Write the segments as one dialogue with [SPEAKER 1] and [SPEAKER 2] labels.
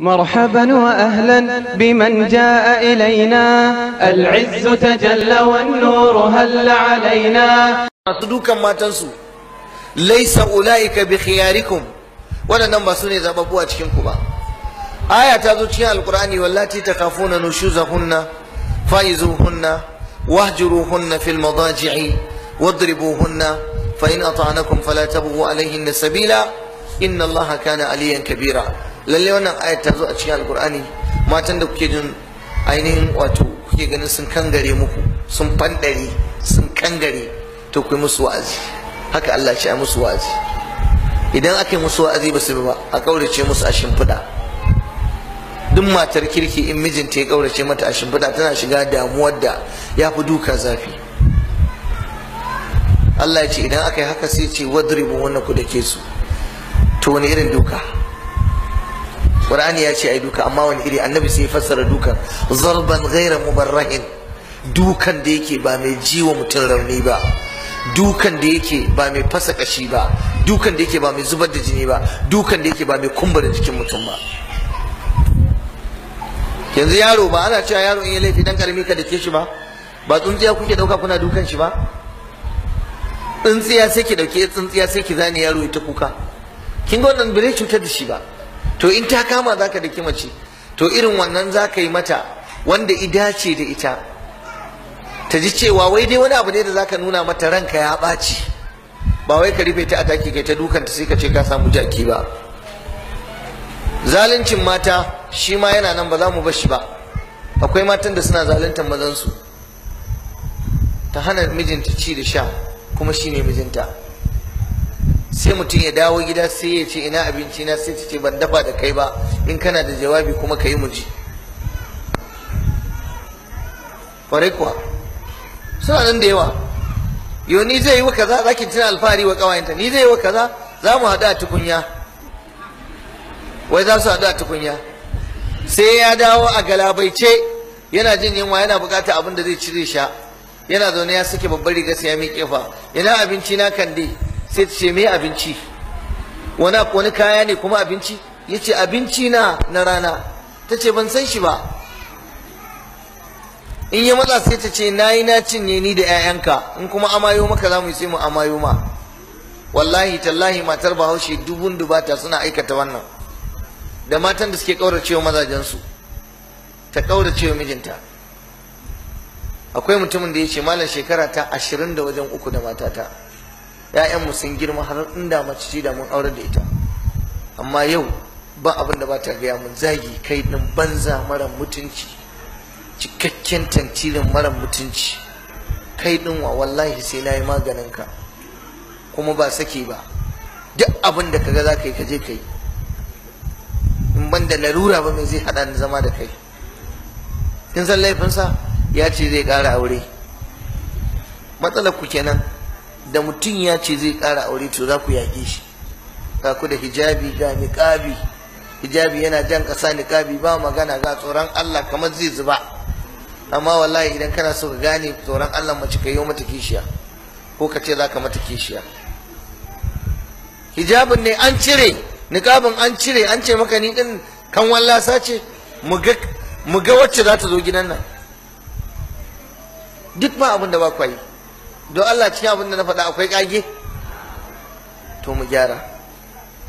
[SPEAKER 1] مرحبا وأهلا بمن جاء إلينا العز تجلى والنور هل علينا
[SPEAKER 2] أصدوك ما تنسوا ليس أولئك بخياركم ولا نمبا سنة زبابوا أتشكمكم آية تذكر القرآن والتي تخافون نشوزهن فايزوهن واهجروهن في المضاجع واضربوهن فإن أطعنكم فلا تبغوا عليهن سبيلا إن الله كان عليا كبيرا lalle wannan ayat ta zo a cikin alkur'ani matan da kuke jin ainihin wato kuke ganin sun kangare muku sun fandare sun kangare to ku musu wa'azi haka Allah ce a musu wa'azi idan aka yi musu wa'azi ba su bi ba a kaurace musu a shimfiɗa duk matar kirki in mijinta ya kaurace mata a shimfiɗa tana shiga damuwar da ya fi duka zafi Allah ya ce idan aka yi haka sai ce wadribu wannan ku da ke su to wani irin duka qur'ani ya ce ai duka amma wani iri annabi sai fassara dukan zarban ghayra mubarrahin dukan da yake ba mai jiwa mutum rauni ba dukan da yake ba mai fasa kashi ba dukan da yake ba mai zubar da jini ba dukan da yake ba mai kumbura jikin mutum ba yanzu yaro ba ana cewa yaro in ya laifi dan karami ka dake shi ba ba tsuntsiya kuke dauka kuna dukan shi ba tsuntsiya sai ki dauke tsuntsiya sai ki zani yaro ita kuka kin ga wannan bare cutar da shi ba to in ta kama za ka daki mace to irin wannan za ka yi mata wanda ida ce da ita ta ji cewa wai dai wani abu ne da za ka nuna mata ranka ya ɓaci ba wai ka rufe ta a taki kai ta dukanta sai ka ce ka samu jaki ba zaluncin mata shi ma yana nan ba za mu bashi ba akwai matan da suna zaluntar mazansu ta hana mijinta ci da sha kuma shi ne mijinta sai mutum ya dawo gida sai ya ce ina abinci na sai ta ce ban dafa da kai ba in kana da jawabi kuma ka yi muji kwarai kuwa suna nan da yawa yau ni zai yi wa kaza za ki tuna alfahari wa ƙawayenta ni zai yi wa kaza za mu haɗu a tukunya wai za su haɗu a tukunya sai ya dawo a galabaice yana jin yunwa yana buƙatar abin da zai ci zai sha yana zaune ya sake babbar riga sai ya miƙe fa ina abinci na kande sai ta ce me abinci wani wani kaya ne kuma abinci ya ce abinci na na rana ta ce ban san shi ba in ya maza sai ta ce na yi na cinye ni da 'ya'yanka in kuma amayo maka za mu yi sai mu amayo ma wallahi tallahi matar bahaushe dubun dubata suna aikata wannan da matan da suke ƙaurace wa mazajensu ta ƙaurace mijinta akwai mutumin da ya ce malam shekara ta ashirin da wajen uku da matata mu sun girma har inda mace ce da mun aure da ita amma yau ba abin da ba ta gaya mun zagi kai din banza mara mutunci cikakken tantirin mara mutunci kai din wa wallahi sai na yi maganin ka kuma ba sake ba duk abin da kaga za ka yi ka je in ban da larura ba mai zai haɗa ni zama da kai kin san laifinsa ya ce zai ƙara aure matsalar ku kenan da mutum ya ce zai ƙara aure to za ku yaƙe shi ka ku da hijabi ga niƙabi hijabi yana jan ƙasa niƙabi ba magana ga tsoron Allah kamar zai zuba amma wallahi idan kana so ka gane tsoron Allah mace ka yi mata kishiya ko ka ce za ka mata kishiya hijabin ne an cire niƙabin an cire an ce maka ni din kan wallasa ce mu ga wacce za ta zo gidan nan duk ma abin da ba kwayi don Allah cikin abin da na faɗa akwai ƙage to mu gyara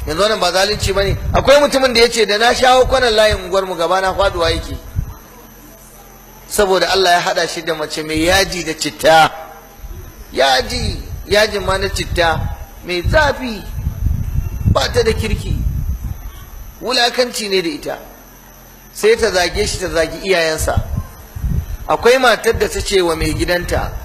[SPEAKER 2] yanzu wannan ba zalunci bane akwai mutumin da yace da na shawo kwanan layin unguwar mu gaba na faduwa yake saboda Allah ya hada shi da mace mai yaji da citta yaji yajin ma na citta mai zafi ba ta da kirki wulakanci ne da ita sai ta zage shi ta zagi iyayensa akwai matar da ta ce wa mai gidanta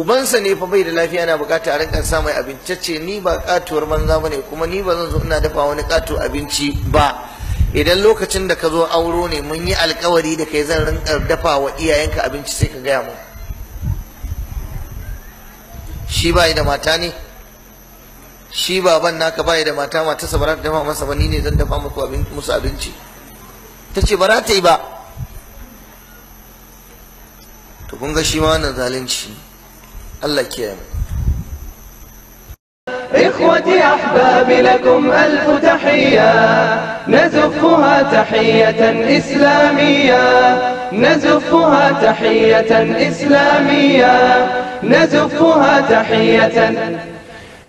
[SPEAKER 2] ubansa ne fa bai da lafiya yana bukata a rinka sa mai abinci ce ni ba katuwar banza ne, kuma ni ba zan zo ina dafa wani kato abinci ba idan lokacin da ka zo auro ne mun yi alkawari da kai zan rinka dafa wa iyayenka abinci sai ka gaya mu shi bai da mata ne shi baban naka bai da mata mata ba za dafa masa ba ni ne zan dafa muku musu abinci ta ce ba ta yi ba to kun ga shi ma wannan zalunci الله يكيم
[SPEAKER 1] إخوتي أحبابي لكم ألف تحية نزفها تحية إسلامية نزفها تحية إسلامية نزفها تحية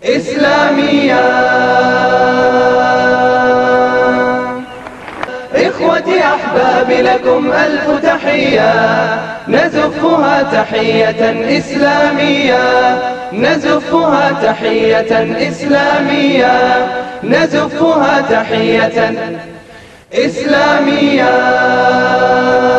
[SPEAKER 1] إسلامية إخوتي أحبابي لكم ألف تحية نزفها تحية إسلامية نزفها تحية إسلامية نزفها تحية إسلامية